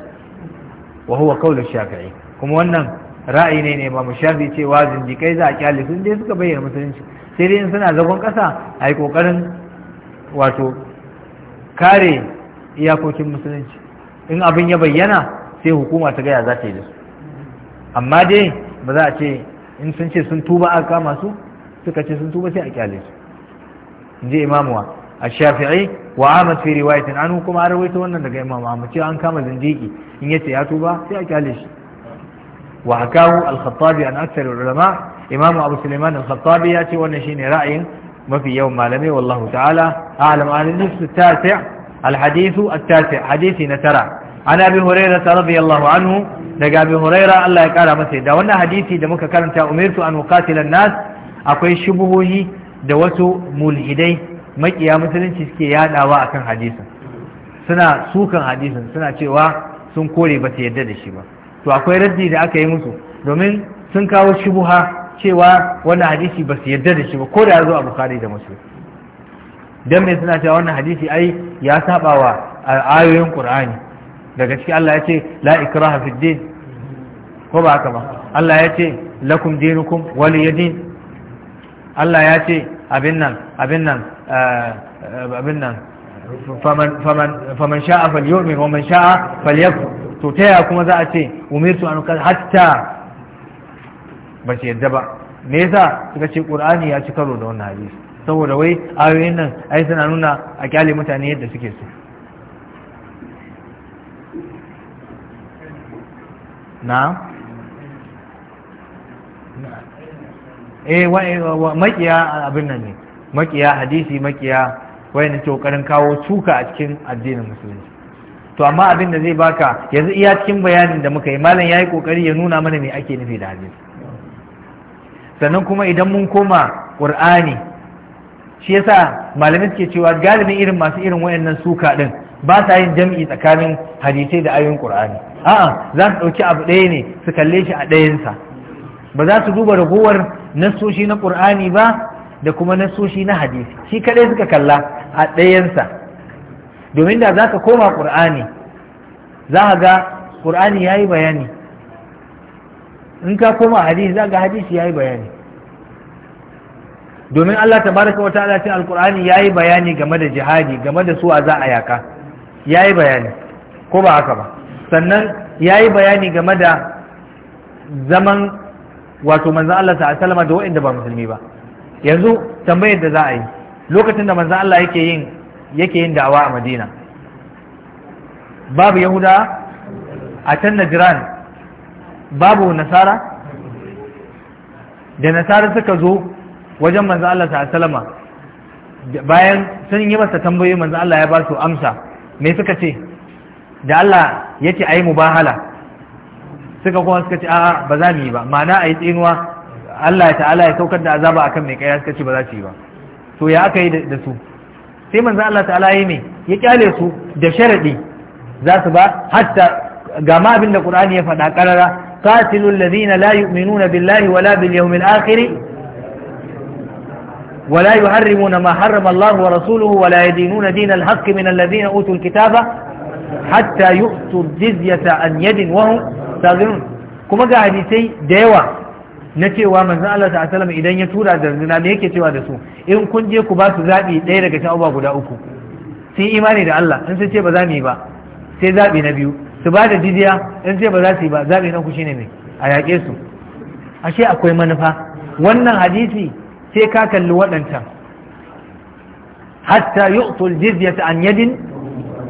su wa huwa kuma wannan ra'ayi ne ne ba mu shafi cewa zindikai za a su dai suka bayyana musulunci sai dai suna zagon ƙasa a yi ƙoƙarin kare iyakokin musulunci in abin ya bayyana sai hukuma ta gaya za ta yi da su amma dai ba za a ce in sun ce sun tuba a kama su suka ce sun tuba sai a kyale su in ji imamuwa a shafi'i wa ahmad fi riwayatin anu kuma an rawaito wannan daga imamu amma cewa an kama zindiki in yace ya tuba sai a kyale shi wa hakahu al-khattabi an aktsar ulama imamu abu sulaiman al-khattabi ya ce wannan shine ra'ayin mafi yawan malamai wallahu ta'ala a'lam al-hadith at-tasi' al-hadith at-tasi' hadisi na tara an abi hurairah radiyallahu anhu daga abi hurairah Allah ya kara masa da wannan hadisi da muka karanta umirtu an uqatila nas akwai shubuhohi da wasu mulhidai makiya musulunci suke yadawa akan hadisin suna sukan hadisin suna cewa sun kore ba su yarda da shi ba to akwai raddi da aka yi musu domin sun kawo shubuha cewa wannan hadisi ba su yarda da shi ba ko da ya zo a bukari da muslim dan me suna cewa wannan hadisi ai ya saba wa ayoyin qur'ani daga ciki Allah ya ce la ikraha fid din ko ba haka ba Allah ya ce lakum dinukum waliyadin Allah ya ce abin nan abin nan eh, abin nan faman faman faman sha'a falyu'min wa man sha'a falyakfur to ta ya kuma za a ce umirtu an hatta ba su yadda ba me yasa suka ce qur'ani ya ci karo da wannan hadisi saboda wai ayoyin nan ai suna nuna a kyale mutane yadda suke so na eh makiya abin nan ne makiya hadisi makiya wai ne kokarin kawo tuka a cikin addinin musulunci to amma abin da zai baka yanzu iya cikin bayanin da muka yi malam yayi kokari ya nuna mana me ake nufi da hadisi sannan kuma idan mun koma ƙur'ani shi yasa malamai suke cewa galibin irin masu irin wayannan suka din ba sa yin jam'i tsakanin hadisai da ayoyin ƙur'ani a'a za su ɗauki abu ɗaya ne su kalle shi a ɗayansa ba za su duba ragowar nasoshi na ƙur'ani ba da kuma nasoshi na hadisi shi kaɗai suka kalla a ɗayansa domin da za ka koma ƙur'ani za ka ga ƙur'ani ya yi bayani in ka koma hadisi za ga hadisi ya yi bayani domin Allah ta baraka wa ta'ala cikin alkur'ani ya yi bayani game da jihadi game da suwa za a yaka ya yi bayani ko ba haka ba sannan ya yi bayani game da zaman wato manzan Allah ta salama da waɗanda ba musulmi ba yanzu tambayar da za a yi lokacin da manzan Allah yake yin yake yin da'awa a madina babu yahuda a can najiran babu nasara da nasara suka zo wajen manzo Allah ta salama bayan sun yi masa tambayoyi manzo Allah ya ba su amsa me suka ce da Allah ya ce ayi mubahala suka kuma suka ce a'a ba za mu yi ba ma'ana ayi tsinuwa Allah ta'ala ya saukar da azaba akan mai kai suka ce ba za su yi ba to ya aka yi da su sai manzo Allah ta'ala ya me ya kyale su da sharadi za su ba hatta ga ma abin da Qur'ani ya faɗa karara قاتلوا الذين لا يؤمنون بالله ولا باليوم الآخر ولا يحرمون ما حرم الله ورسوله ولا يدينون دين الحق من الذين أوتوا الكتاب حتى يؤتوا الجزية عن يد وهم صاغرون كما قال حديثي ديوة na cewa manzon Allah ta sallama idan ya tura da zina me yake cewa da su in kun je ku ba su zabi ɗaya daga cikin abubuwa guda uku sun imani da Allah in sun ce ba za mu yi ba sai zabi na biyu su ba da jizya in sai ba za su yi ba zaɓi na kushi ne mai a yaƙe su ashe akwai manufa wannan hadisi sai ka kalli waɗancan hatta yu'tul jizyata an yadin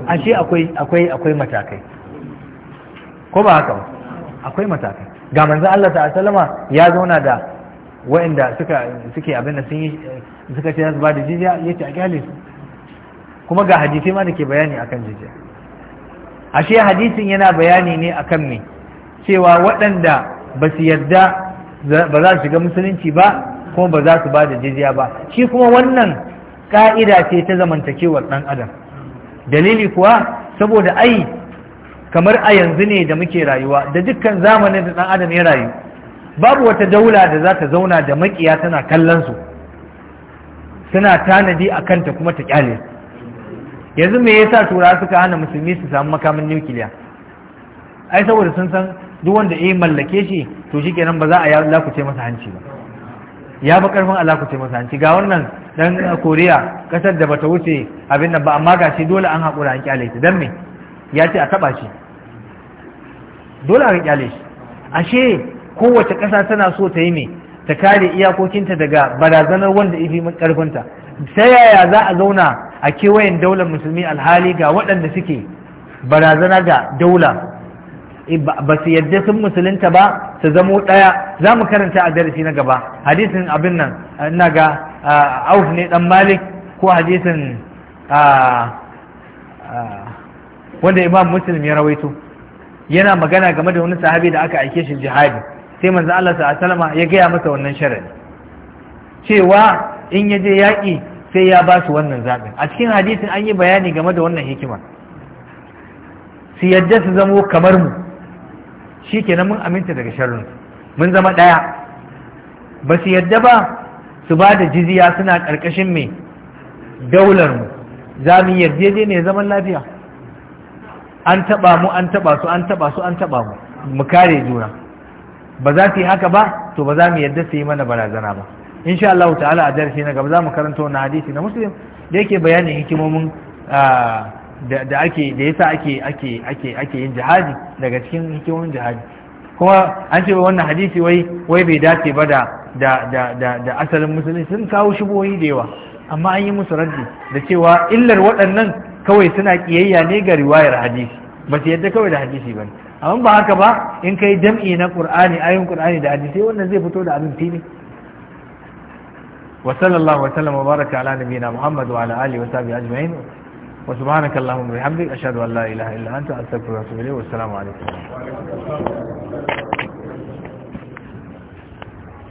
ashe akwai akwai akwai matakai ko ba haka ba akwai matakai ga manzo Allah ta sallama ya zauna da waɗanda suka suke abin da sun yi suka ce za su ba da jizya yace a kyale kuma ga hadisi ma da ke bayani akan jizya ashe hadisin yana bayani ne akan me cewa waɗanda ba su yarda ba za su shiga musulunci ba kuma ba za su ba da ba shi kuma wannan ka'ida ce ta zamantakewar ɗan adam dalili kuwa saboda ai kamar a yanzu ne da muke rayuwa da dukkan zamanin da ɗan adam ya rayu babu wata daula da za ta zauna da makiya tana kallon su suna tanadi a kanta kuma ta kyale su yanzu me yasa tura suka hana musulmi su samu makamin nukiliya ai saboda sun san duk wanda ya mallake shi to shikenan ba za a lakuce masa hanci ba ya fi karfin alakuce masa hanci ga wannan dan koriya kasar da bata wuce abin nan ba amma ga shi dole an haƙura an kyale shi dan me ya ce a taɓa shi dole an kyale shi ashe kowace ƙasa tana so ta yi me ta kare iyakokinta daga barazanar wanda ifi karfinta ta yaya za a zauna a kewayen daular musulmi alhali ga waɗanda suke barazana ga daula eh, ba su yadda sun musulunta ba su zamo ɗaya za mu karanta a darasi na gaba hadisin abin nan na ga auf ne dan malik ko hadisin wanda imam muslim ya rawaito yana magana game da wani sahabi da aka aike shi jihadi sai manzo Allah sallallahu alaihi ya gaya masa wannan sharadi cewa in ya je yaƙi sai ya ba su wannan zaɓin a cikin hadisin an yi bayani game da wannan hikima su yadda su zamo kamar mu shi kenan mun aminta daga sharrin mun zama ɗaya ba su yadda ba su ba da jiziya suna ƙarƙashin mai daular mu za mu yarjeje ne zaman lafiya an taɓa mu an taɓa su an taɓa su an taɓa mu mu kare juna ba za su yi haka ba to ba za mu yadda su yi mana barazana ba sha Allah ta'ala a darasi na gaba za mu karanta wani hadisi na muslim da yake bayanin hikimomin da ake da yasa ake ake ake ake yin jihadi daga cikin hikimomin jihadi kuma an ce wannan hadisi wai wai bai dace ba da da da, da asalin musulmi sun kawo shubohi da yawa amma an yi musu raddi da cewa illar waɗannan kawai suna kiyayya ne ga riwayar hadisi ba su yadda kawai da hadisi ba amma ba haka ba in kai jam'i na qur'ani ayin qur'ani da hadisi wannan zai fito da abin fili وصلى الله وسلم وبارك على نبينا محمد وعلى آله وصحبه أجمعين وسبحانك اللهم وبحمدك أشهد أن لا إله إلا أنت أستغفرك وأتوب إليك والسلام عليكم